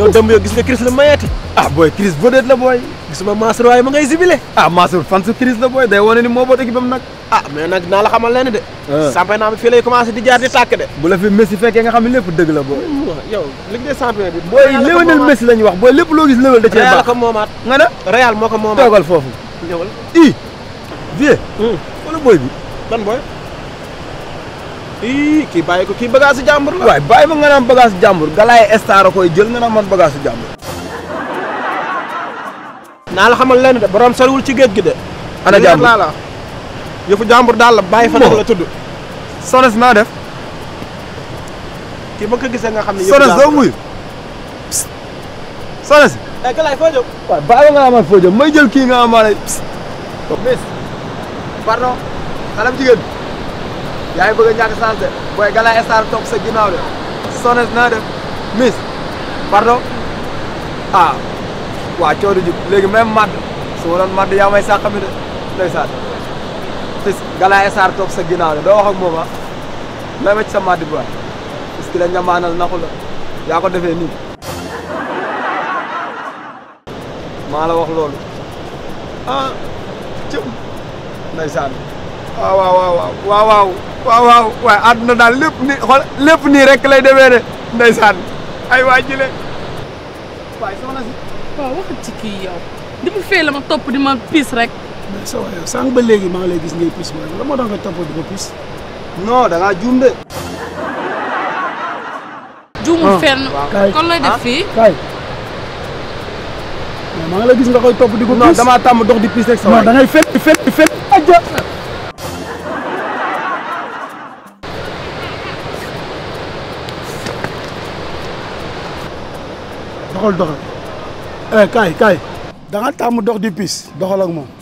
yow dem yow gis nga Chris la mayati ah boy Chris vedette la boy gis ma Mansour way ma ngay sibile ah Mansour fan su Chris la boy day woné ni mo bot équipe am nak ah mais nak na la xamal lén dé sampé naa bi fii lay commencé di jaar di tak dé bu la fi Messi féké nga xam lépp dëgg la boy yow ligue des champions bi boy Lionel Messi lañ wax boy lépp lo gis Lionel da ci ba ko momat nga na Real moko momat togal fofu ñewal i vie hmm wala boy bi ban boy ii kii bàyyi ko kii bagage jàmbur la. waay bàyyi ma nga naan bagage jàmbur galaay star koy jël nga naan man bagage jàmbur. naa la xamal lenn de borom soriwul ci géej gi de. ana jàmbur laa la yëfu jàmbur daal la bàyyi fa nag la tudd. Sones naa def. kii ba ko gisee nga xam ne yëfu muy. Sones. eh galaay foo nga amal foo jëm may jël kii nga amaale. pardon. xalam jigéen yaa ngi bëgg a ñàkk chance de booy sa ginnaaw de sones naa def miss pardon ah waa coono jub léegi même madd su ma doon madd yaa may sàq mi de ndeysaan tis Galaye Sarr topp sa ginnaaw de doo wax ak moom ah may sa madd bu baax parce que la ñamaanal naxu la yaa ko defee nii maa la wax loolu ah cëm ndeysaan waaw waaw waaw waaw waaw waaw waaye àdduna daal lépp ni xool lépp nii rek lay demee de ndeysaan ay waa jile waaye soxna si waaw waxat ci kii yow di mu fee la ma topp di ma piis rek mais sa waay yow sànq ba léegi maa ngi lay gis ngay piis mooy la moo tax nga topp di ma piis non da ngaa juum de juumul ah. fenn kon lay def ah. fii kay maa ngi la gis nga koy topp di ko piis non damaa tàmm dox di piis rek sa waay non da ngay fenn fenn fenn aja doxal doxal eh kaay kaay. da nga tàmm dox di piis doxal ak moom.